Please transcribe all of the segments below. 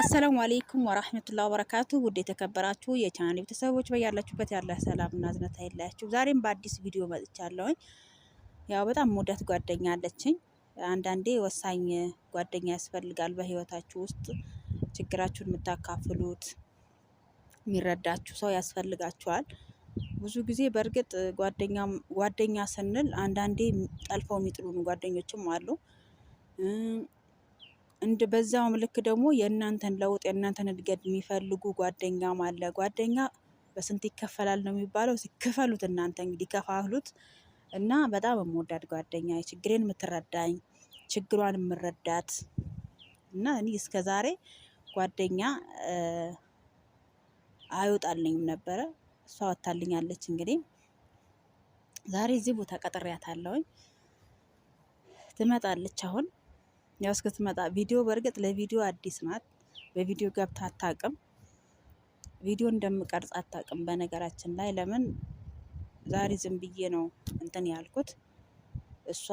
አሰላሙ አሌይኩም ወራህመቱላሂ ወበረካቱ። ውድ የተከበራችሁ የቻናል ቤተሰቦች በያላችሁበት ያለ ሰላምና እዝነት አይለያችሁ። ዛሬም በአዲስ ቪዲዮ መጥቻለሁኝ። ያው በጣም ሙዳት ጓደኛ አለችኝ አንዳንዴ ወሳኝ ጓደኛ ያስፈልጋል። በህይወታችሁ ውስጥ ችግራችሁን የምታካፍሉት የሚረዳችሁ ሰው ያስፈልጋችኋል። ብዙ ጊዜ በእርግጥ ጓደኛ ስንል አንዳንዴ ጠልፈው የሚጥሉን ጓደኞችም አሉ። እንደ በዛውም ልክ ደግሞ የእናንተን ለውጥ የእናንተን እድገት የሚፈልጉ ጓደኛም አለ። ጓደኛ በስንት ይከፈላል ነው የሚባለው። ሲከፈሉት እናንተ እንግዲህ ከፋፍሉት እና በጣም የምወዳድ ጓደኛ ችግሬን የምትረዳኝ ችግሯን የምረዳት እና እኔ እስከ ዛሬ ጓደኛ አይወጣልኝም ነበረ። እሷ ወታልኛለች። እንግዲህ ዛሬ እዚህ ቦታ ቀጥሬያታለሁኝ። ትመጣለች አሁን ያው እስክትመጣ ቪዲዮ በእርግጥ ለቪዲዮ አዲስ ናት። በቪዲዮ ገብታ አታውቅም። ቪዲዮ እንደምቀርጽ አታውቅም። በነገራችን ላይ ለምን ዛሬ ዝም ብዬ ነው እንትን ያልኩት እሷ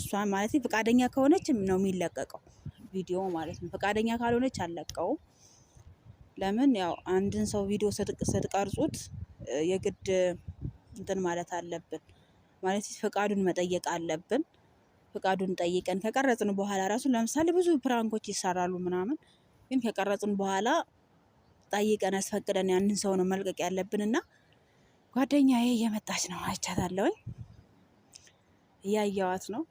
እሷ ማለት ፈቃደኛ ከሆነች ነው የሚለቀቀው ቪዲዮ ማለት ነው። ፈቃደኛ ካልሆነች አልለቀውም። ለምን ያው አንድን ሰው ቪዲዮ ስትቀርጹት የግድ እንትን ማለት አለብን ማለት ፈቃዱን መጠየቅ አለብን። ፈቃዱን ጠይቀን ከቀረጽን በኋላ ራሱ ለምሳሌ ብዙ ፕራንኮች ይሰራሉ ምናምን፣ ግን ከቀረጽን በኋላ ጠይቀን አስፈቅደን ያንን ሰው ነው መልቀቅ ያለብን እና ጓደኛዬ እየመጣች ነው አይቻታለሁኝ። እያየዋት ነው።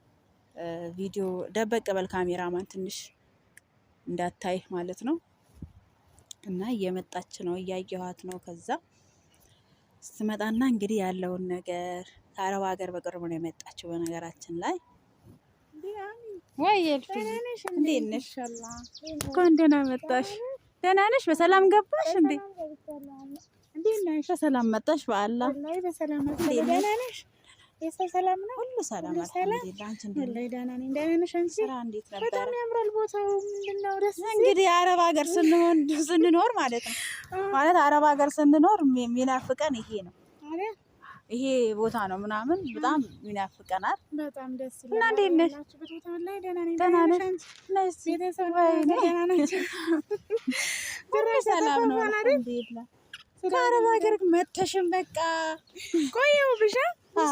ቪዲዮ ደበቅ በል ካሜራማን ትንሽ እንዳታይ ማለት ነው። እና እየመጣች ነው፣ እያየኋት ነው። ከዛ ስትመጣና እንግዲህ ያለውን ነገር ከአረብ ሀገር በቅርቡ ነው የመጣችው። በነገራችን ላይ ወይ እንዴት ነሽ? እንኳን ደህና መጣሽ። ደህና ነሽ? በሰላም ገባሽ እንዴ? በሰላም መጣሽ። በአላ በሰላም የሰው ሰላም ነው፣ ሁሉ ሰላም አልሐምዱሊላህ። ነኝ። ስራ እንዴት ነበር? በጣም ያምራል ቦታው። ምንድነው ደስ እንግዲህ አረብ ሀገር ስንሆን ስንኖር ማለት ነው ማለት አረብ ሀገር ስንኖር የሚናፍቀን ይሄ ነው ይሄ ቦታ ነው ምናምን በጣም ይናፍቀናል። በጣም ደስ ይላል። እና እንዴት ነሽ? ደህና ነሽ? ሰላም ነው። ከአረብ ሀገር መተሽም በቃ ቆየው ብሻ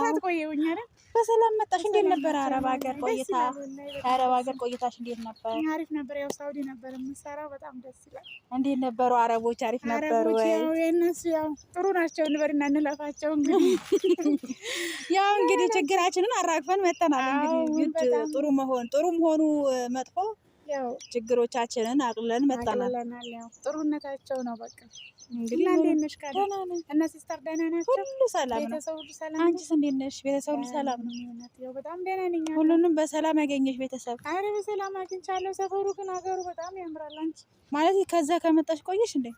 ሰዓት ቆየሁኝ አይደል? በሰላም መጣሽ። እንዴት ነበር አረብ ሀገር ቆይታ? አረብ ሀገር ቆይታሽ እንዴት ነበር? አሪፍ ነበር። ያው ሳውዲ ነበር የምሰራው። በጣም ደስ ይላል። እንዴት ነበሩ አረቦች? አሪፍ ነበሩ ወይ? የእነሱ ያው ጥሩ ናቸው። እና እንለፋቸው። እንግዲህ ያው እንግዲህ ችግራችንን አራግፈን መጥተናል። እንግዲህ ጥሩ መሆን ጥሩ መሆኑ መጥፎ ችግሮቻችንን አቅለን መጣናል። ጥሩነታቸው ነው በቃ ሁሉንም በሰላም ያገኘሽ ቤተሰብ? አረ በሰላም አግኝቻለሁ። ሰፈሩ ግን በጣም ያምራል። አንቺ ማለት ከዛ ከመጣሽ ቆየሽ እንዴ?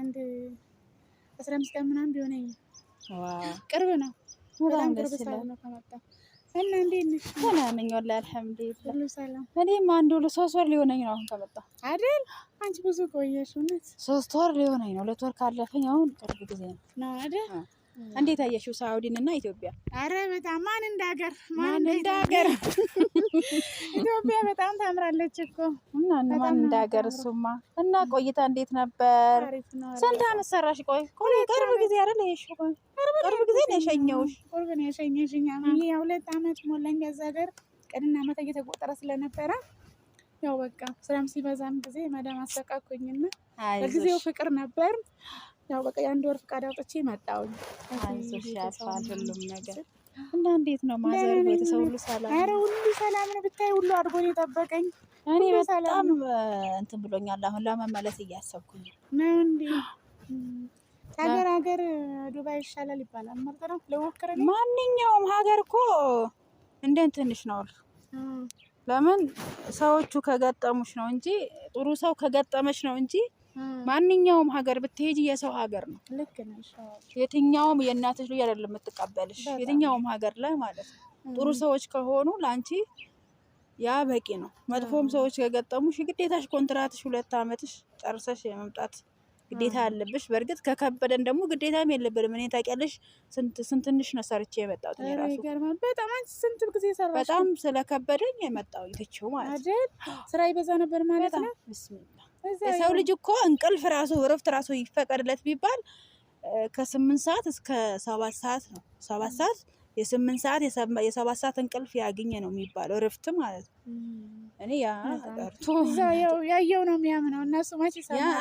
አንድ አስራ አምስት ቀን ምናምን ቢሆነኝ። ቅርብ ነው፣ በጣም ቅርብ ሰው ነው ከመጣ እና እንዴት ነሽ? ሰላም ነኝ ወላሂ አልሐምዱሊላህ። እኔም አንድ ሁለት ሶስት ወር ሊሆነኝ ነው አሁን ከመጣሁ አይደል? አንቺ ብዙ ቆየሽ። እውነት ሶስት ወር ሊሆነኝ ነው። ሁለት ወር ካለፈኝ አሁን ቅርብ ጊዜ ነው ነው አይደል? እንዴት አየሽው ሳውዲን እና ኢትዮጵያ? አረ በጣም ማን እንዳገር ማን እንዳገር ኢትዮጵያ በጣም ታምራለች እኮ እና ማን እንዳገር እሱማ። እና ቆይታ እንዴት ነበር? ስንት አመት ሰራሽ? ቆይ ቅርብ ጊዜ አይደል ይሄሽ? ቅርብ ጊዜ ነው የሸኘሁሽ። ቅርብ ነው የሸኘሽኝ። ይሄ ሁለት አመት ሞላኝ። እዛ ሀገር ቀንና ማታ እየተቆጠረ ስለነበረ ያው በቃ ስራም ሲበዛም ጊዜ ማዳም አሰቃኩኝና በጊዜው ፍቅር ነበር ያው በቃ የአንድ ወር ፍቃድ አውጥቼ መጣሁኝ። ሁሉም ነገር እና እንዴት ነው ማዘር? ቤተሰብ ሁሉ ሰላም? ኧረ ሁሉ ሰላም ነው። ብታይ ሁሉ አድርጎ ነው የጠበቀኝ። እኔ በጣም እንትን ብሎኛል። አሁን ለመመለስ እያሰብኩኝ ነው። እንዴ ሀገር ሀገር ዱባይ ይሻላል ይባላል። መርጥ ነው ለሞክረ ማንኛውም ሀገር እኮ እንደን ትንሽ ነው። ለምን ሰዎቹ ከገጠሙሽ ነው እንጂ ጥሩ ሰው ከገጠመሽ ነው እንጂ ማንኛውም ሀገር ብትሄጂ የሰው ሀገር ነው። የትኛውም የእናትሽ ልጅ አይደለም የምትቀበልሽ፣ የትኛውም ሀገር ላይ ማለት ነው። ጥሩ ሰዎች ከሆኑ ለአንቺ ያ በቂ ነው። መጥፎም ሰዎች ከገጠሙሽ ግዴታሽ ኮንትራትሽ ሁለት አመትሽ ጨርሰሽ የመምጣት ግዴታ አለብሽ። በእርግጥ ከከበደን ደግሞ ግዴታም የለብንም። እኔ ታውቂያለሽ ስንትንሽ ነው ሰርቼ የመጣሁት ራሱ በጣም አንቺ ስንት ጊዜ ሰራሽ? በጣም ስለከበደኝ የመጣሁኝ ትቼው ማለት ነው። ስራ ይበዛ ነበር ማለት ነው። ብስሚላ የሰው ልጅ እኮ እንቅልፍ ራሱ እረፍት ራሱ ይፈቀድለት ቢባል ከስምንት ሰዓት እስከ ሰባት ሰዓት ነው። ሰባት ሰዓት የስምንት ሰዓት የሰባት ሰዓት እንቅልፍ ያገኘ ነው የሚባለው እረፍት ማለት ነው። እኔ ያ ቀርቶ ያየው ነው የሚያምነው። እነሱ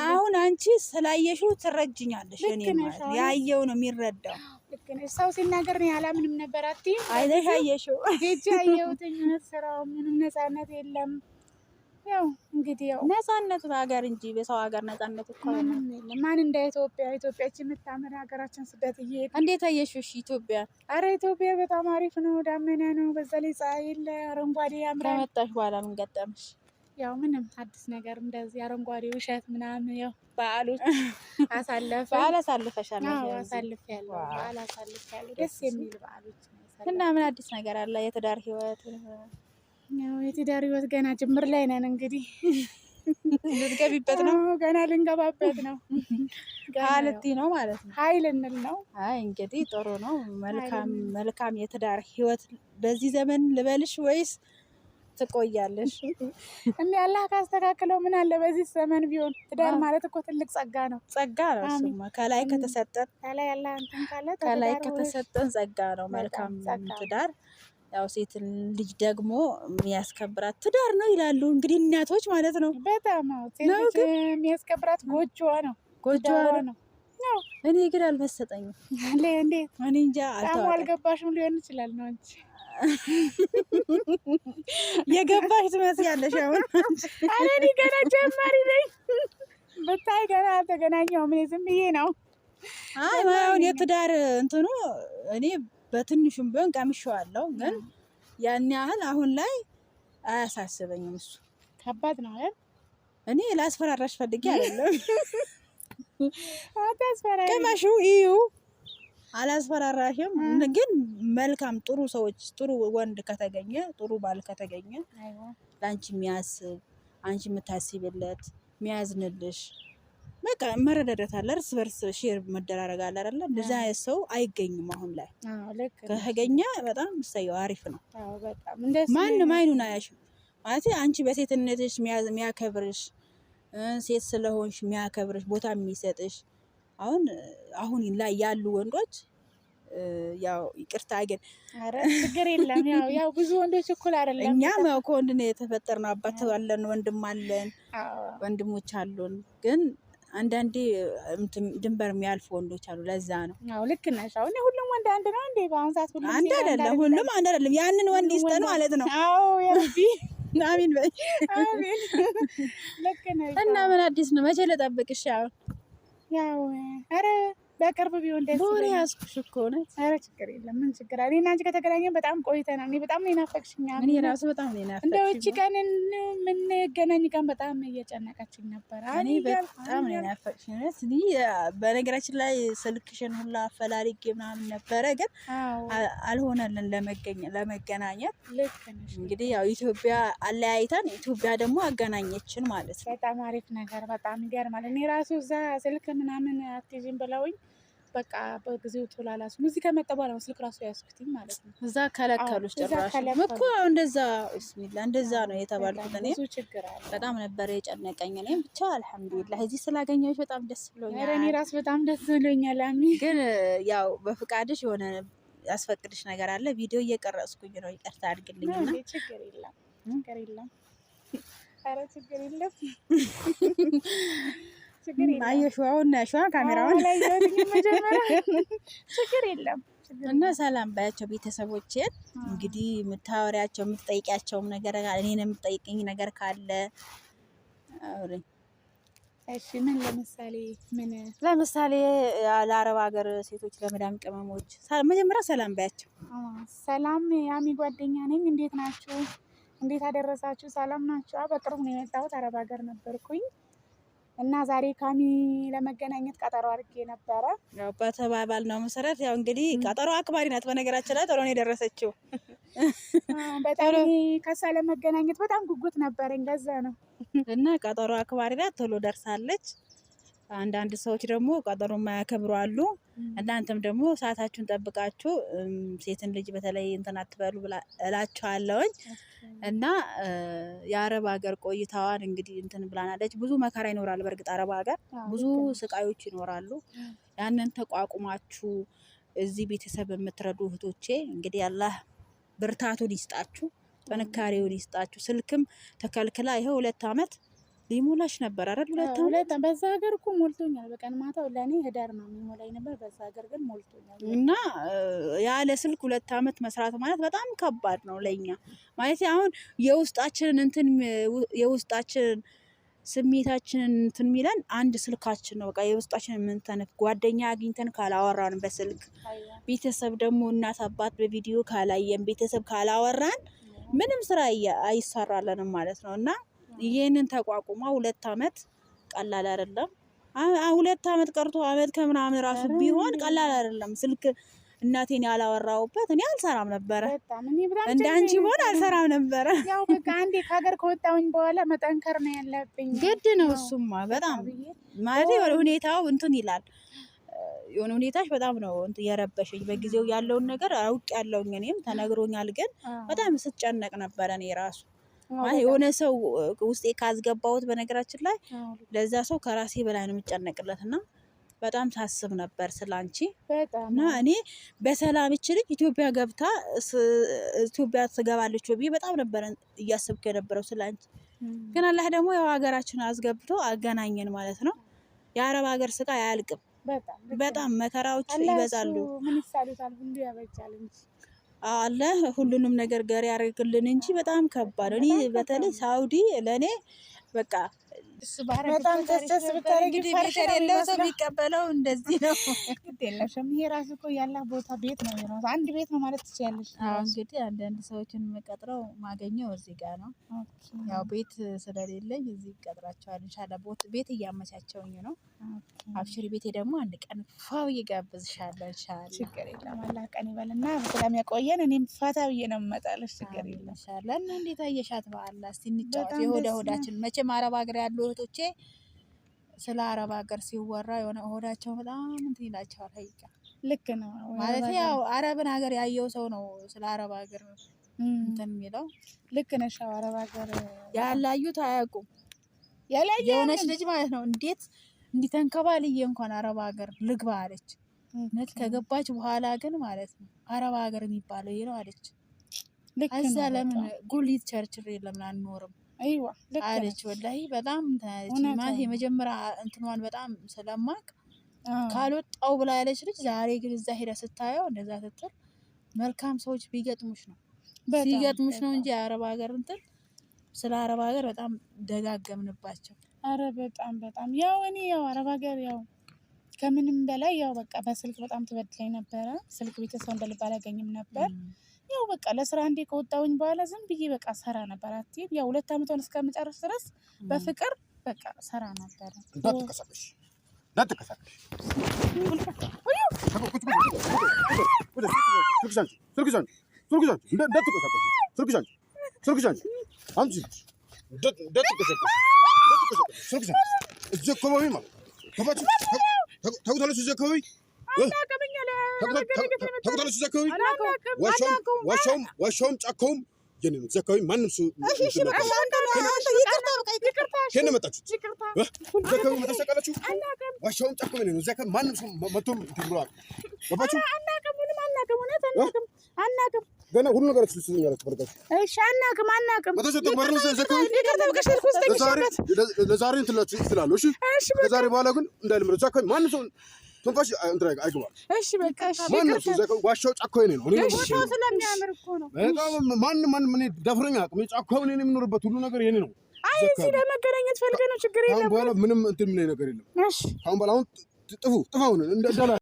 አሁን አንቺ ስላየሽው ትረጅኛለሽ። እኔ ማለት ያየው ነው የሚረዳው። ሰው ሲናገር ነው ያላ ምንም ነበር። አትይም አይተሽ አየሽው። ሄጄ አየሁትኝ። ስራው ምንም ነፃነት የለም ያው እንግዲህ ያው ነጻነት ሀገር እንጂ በሰው ሀገር ነጻነት እኮ ምንም የለም። ማን እንደ ኢትዮጵያ ኢትዮጵያች የምታምር ሀገራችን ስደት እየ እንዴት አየሽሽ? ኢትዮጵያ አረ ኢትዮጵያ በጣም አሪፍ ነው። ዳመና ነው፣ በዛ ላይ ፀሐይ የለ፣ አረንጓዴ ያምራል። ከመጣሽ በኋላ ምን ገጠምሽ? ያው ምንም አዲስ ነገር እንደዚህ አረንጓዴ ውሸት ምናምን ያው በዓሎች አሳለፈ በዓል አሳልፈሻል? አዎ አሳልፌያለሁ። በዓል ያለ ደስ የሚል በዓሎች እና ምን አዲስ ነገር አለ? የትዳር ህይወት ያው የትዳር ህይወት ገና ጅምር ላይ ነን። እንግዲህ ልትገቢበት ነው? ገና ልንገባበት ነው። ሀልቲ ነው ማለት ነው። ሀይል እንል ነው። አይ እንግዲህ ጥሩ ነው። መልካም መልካም የትዳር ህይወት በዚህ ዘመን ልበልሽ ወይስ ትቆያለሽ? እንደ አላህ ካስተካክለው ምን አለ በዚህ ዘመን ቢሆን። ትዳር ማለት እኮ ትልቅ ጸጋ ነው። ጸጋ ነው እሱማ። ከላይ ከተሰጠን ከላይ ከተሰጠን ጸጋ ነው። መልካም ትዳር ያው ሴት ልጅ ደግሞ የሚያስከብራት ትዳር ነው ይላሉ እንግዲህ እናቶች ማለት ነው። በጣም ሴት የሚያስከብራት ጎጆዋ ነው፣ ጎጆዋ ነው። እኔ ግን አልመሰጠኝም። እንዴት እኔ እንጃ አልገባሽም። ሊሆን ይችላል ነው እንጂ የገባሽ ትመስያለሽ። አሁን ኧረ እኔ ገና ጀማሪ ነኝ ብታይ፣ ገና አልተገናኘሁም። እኔ ዝም ብዬ ነው። አይ አሁን የትዳር እንትኑ እኔ በትንሹም ቢሆን ቀምሼዋለሁ፣ ግን ያን ያህል አሁን ላይ አያሳስበኝም። እሱ ከባድ ነው አይደል? እኔ ላስፈራራሽ ፈልጌ አይደለም። ቅመሹ እዩ አላስፈራራሽም። ግን መልካም ጥሩ ሰዎች ጥሩ ወንድ ከተገኘ ጥሩ ባል ከተገኘ ለአንቺ የሚያስብ አንቺ የምታስብለት የሚያዝንልሽ በቃ መረዳዳት አለ፣ እርስ በርስ ሼር መደራረግ አለ አይደለ? እንደዛ አይነት ሰው አይገኝም አሁን ላይ። ከተገኘ በጣም እሰየው አሪፍ ነው። ማንም አይኑን አያሽም ማለት አንቺ በሴትነትሽ የሚያከብርሽ ሴት ስለሆንሽ የሚያከብርሽ ቦታ የሚሰጥሽ አሁን አሁን ላይ ያሉ ወንዶች ያው ይቅርታ ግን ችግር የለም። ያው ብዙ ወንዶች እኩል አይደለም። እኛም ያው ከወንድ ነው የተፈጠርነው። አባት አለን፣ ወንድም አለን፣ ወንድሞች አሉን ግን አንዳንዴ ድንበር የሚያልፉ ወንዶች አሉ። ለዛ ነው ልክ ነሽ። አሁን ሁሉም ወንድ አንድ ነው እንዴ? በአሁን ሰዓት ሁሉም አንድ አይደለም። ሁሉም አንድ አይደለም። ያንን ወንድ ይስጠን ማለት ነው። አሚን በይ። እና ምን አዲስ ነው? መቼ ልጠብቅሽ? አሁን ያው ኧረ በቅርብ ቢሆን ደስ ቦሬ ያዝኩሽ እኮ እውነት። ኧረ ችግር የለም ምን ችግር አለ? እኔና አንቺ ከተገናኘን በጣም ቆይተናል። እኔ በጣም ነው የናፈቅሽኝ። እኔ ራሱ በጣም ነው የናፈቅሽኝ። እንደው እቺ ቀን የምንገናኝ ቀን በጣም እየጨነቀችኝ ነበር። እኔ በጣም ነው የናፈቅሽኝ እኔ በነገራችን ላይ ስልክሽን ሁላ አፈላልጌ ምናምን ነበረ፣ ግን አልሆነልን ለመገናኘት። ልክ እንግዲህ ያው ኢትዮጵያ አለያይታን፣ ኢትዮጵያ ደግሞ አገናኘችን ማለት ነው። በጣም አሪፍ ነገር፣ በጣም ይገርማል። እኔ ራሱ እዛ ስልክ ምናምን አትይዥም ብለውኝ በቃ በጊዜው ቶሎ አላስኩም። እዚህ ከመጣ በኋላ ነው ስልክ ራሱ ያስኩትኝ ማለት ነው። እዛ ከለከሉሽ ጭራሽ እኮ እንደዛ ብስሚላ እንደዛ ነው የተባልኩት። እኔ በጣም ነበረ የጨነቀኝ። እኔም ብቻ አልሐምዱሊላህ እዚህ ስላገኘሁሽ በጣም ደስ ብሎኛል። እኔ ራሱ በጣም ደስ ብሎኛል። አሚ ግን ያው በፍቃድሽ የሆነ ያስፈቅድሽ ነገር አለ። ቪዲዮ እየቀረጽኩኝ ነው፣ ይቅርታ አድርግልኝ እና ችግር የለም ችግር የለም ኧረ ችግር የለም አየሽዋውና ያሸዋ ካሜራውን ችግር የለም እና ሰላም ባያቸው ቤተሰቦችን እንግዲህ የምታወሪያቸው የምትጠይቂያቸውም ነገር እኔን የምትጠይቅኝ ነገር ካለ እሺ ምን ለምሳሌ ምን ለምሳሌ ለአረብ ሀገር ሴቶች ለመዳም ቅመሞች መጀመሪያ ሰላም ባያቸው። ሰላም ያሚ ጓደኛ ነኝ። እንዴት ናችሁ? እንዴት አደረሳችሁ? ሰላም ናችሁ? በቅርቡ ነው የመጣሁት። አረብ ሀገር ነበርኩኝ። እና ዛሬ ካሚ ለመገናኘት ቀጠሮ አድርጌ ነበረ። በተባባል ነው መሰረት ያው እንግዲህ ቀጠሮ አክባሪ ናት። በነገራችን ላይ ቶሎ ነው የደረሰችው። በጣም ከሳ ለመገናኘት በጣም ጉጉት ነበረኝ። ገዛ ነው እና ቀጠሮ አክባሪ ናት። ቶሎ ደርሳለች። አንዳንድ ሰዎች ደግሞ ቀጠሮ የማያከብሩ አሉ። እናንተም ደግሞ ሰዓታችሁን ጠብቃችሁ ሴትን ልጅ በተለይ እንትን አትበሉ እላቸዋለሁኝ። እና የአረብ ሀገር ቆይታዋን እንግዲህ እንትን ብላናለች። ብዙ መከራ ይኖራል። በእርግጥ አረብ ሀገር ብዙ ስቃዮች ይኖራሉ። ያንን ተቋቁማችሁ እዚህ ቤተሰብ የምትረዱ እህቶቼ እንግዲህ አላህ ብርታቱን ይስጣችሁ፣ ጥንካሬውን ይስጣችሁ። ስልክም ተከልክላ ይኸው ሁለት አመት ሊሞላሽ ነበር አረ ሁለት ሁለት በዛ ሀገር እኮ ሞልቶኛል። በቀን ማታው ለእኔ ህዳር ነው የሚሞላኝ ነበር። በዛ ሀገር ግን ሞልቶኛል። እና ያለ ስልክ ሁለት አመት መስራት ማለት በጣም ከባድ ነው ለኛ ማለት አሁን የውስጣችንን እንትን የውስጣችንን ስሜታችንን እንትን የሚለን አንድ ስልካችን ነው። በቃ የውስጣችን የምንተንፍ ጓደኛ አግኝተን ካላወራን በስልክ ቤተሰብ ደግሞ እናት አባት በቪዲዮ ካላየን ቤተሰብ ካላወራን ምንም ስራ አይሰራለንም ማለት ነው እና ይህንን ተቋቁማ ሁለት አመት ቀላል አይደለም። ሁለት አመት ቀርቶ አመት ከምናምን ራሱ ቢሆን ቀላል አይደለም። ስልክ እናቴን ያላወራውበት እኔ አልሰራም ነበረ። እንደ አንቺ ሆን አልሰራም ነበረ። ያው በቃ አንዴ ከሀገር ከወጣሁኝ በኋላ መጠንከር ነው ያለብኝ። ግድ ነው እሱማ። በጣም ማለት የሆነ ሁኔታው እንትን ይላል። የሆነ ሁኔታሽ በጣም ነው የረበሸኝ። በጊዜው ያለውን ነገር አውቅ ያለውኝ እኔም ተነግሮኛል፣ ግን በጣም ስጨነቅ ነበረ እኔ ራሱ የሆነ ሰው ውስጤ ካስገባሁት በነገራችን ላይ ለዛ ሰው ከራሴ በላይ ነው የሚጨነቅለት እና በጣም ሳስብ ነበር ስላንቺ እና እኔ በሰላም ይችልኝ ኢትዮጵያ ገብታ ኢትዮጵያ ትገባለች ብዬ በጣም ነበረ እያስብኩ የነበረው ስላንቺ። ግን አላህ ደግሞ ያው ሀገራችን አስገብቶ አገናኘን ማለት ነው። የአረብ ሀገር ስቃይ አያልቅም። በጣም መከራዎች ይበዛሉ። አለ ሁሉንም ነገር ገር ያደርግልን እንጂ በጣም ከባድ። እኔ በተለይ ሳውዲ ለእኔ በቃ በጣም ተስደስ ሰው የሚቀበለው እንደዚህ ነው። የለሽም ይሄ ራሱ እኮ ያለ ቦታ ቤት ነው የራሱ አንድ ቤት ነው ማለት እንግዲህ አንዳንድ ሰዎችን የምቀጥረው ማገኘው እዚህ ጋር ነው። ያው ቤት ስለሌለኝ እዚህ ይቀጥራቸዋል። እንሻላ ቤት እያመቻቸውኝ ነው። አብሽሪ ቤቴ ደግሞ አንድ ቀን ፋው እየጋብዝሻለሁ። እንሻላ ችግር የለም አላህ ቀን ይበልና በሰላም ያቆየን። እኔም ብዬ ነው ችግር የለም እንሻላ እና እንዴት አየሻት የሆዳ ሆዳችን መቼም በተለይም አረብ ሀገር ያሉ እህቶቼ ስለ አረብ ሀገር ሲወራ የሆነ ሆዳቸው በጣም እንትን ይላቸዋል። ሀይቃ ልክ ነው ማለት ያው አረብን ሀገር ያየው ሰው ነው ስለ አረብ ሀገር እንትን የሚለው ልክ ነሽ። አረብ ሀገር ያላዩት አያውቁም። ያላየ የሆነች ልጅ ማለት ነው እንዴት እንዲተንከባልዬ እንኳን አረብ ሀገር ልግባ አለች። እውነት ከገባች በኋላ ግን ማለት ነው አረብ ሀገር የሚባለው ይህ ነው አለች። እዛ ለምን ጉሊት ቸርችል ለምን አንኖርም? አለች። ወላሂ በጣም ማለት የመጀመሪያ እንትኗን በጣም ስለማቅ ካልወጣው ብላ ያለች ልጅ ዛሬ ግን እዛ ሄደ ስታየው እንደዛ ስትል መልካም ሰዎች ቢገጥሙሽ ነው ሲገጥሙሽ ነው እንጂ የአረብ ሀገር እንትን ስለ አረብ ሀገር በጣም ደጋገምንባቸው። አረ በጣም በጣም ያው እኔ ያው አረብ ሀገር ያው ከምንም በላይ ያው በቃ በስልክ በጣም ትበድለኝ ነበረ። ስልክ ቤተሰብ እንደልብ አላገኝም ነበር። ያው በቃ ለስራ እንዴ ከወጣሁኝ በኋላ ዝም ብዬ በቃ ሰራ ነበር። አትይም ያው ሁለት አመቷን እስከምጨርስ ድረስ በፍቅር በቃ ሰራ ነበር። እንዳትቀሳቀሽ፣ እንዳትቀሳቀሽ። ተቆጣለች። ዘካዊ ዋሻውም ጫካውም የኔ ነው። ዘካዊ ማንም ሰው ከነ መጣችሁ ዘካዊ መተሰቀለችሁ ዋሻውም ጫካውም የኔ ነው። ዘካዊ ማንም ሰው መቶም ትብሏል። ገባችሁ? አናቅም ገና ሁሉ ነገር አናቅም አናቅም። ለዛሬ ትላችሁ ትላለሁ። እሺ ከዛሬ በኋላ ግን እንዳይልምረው ዘካዊ ማንም ሰው ትንፋሽ እንትን አይገባም። እሺ በቃ እሺ። ማነው እሱ? ዋሻው ጫካው የእኔ ነው። ቦታው ስለሚያምር እኮ ነው። በጣም ማንም ማንም እኔ ደፍረኝ አያውቅም። ጫካው እኔ የምኖርበት ሁሉ ነገር የእኔ ነው። አይ እዚህ ለመገናኘት ፈልገህ ነው። ችግር የለም። ምንም እንትን የሚለኝ ነገር የለም። እሺ አሁን በኋላ አሁን ጥፉ ጥፋውን እንዳላ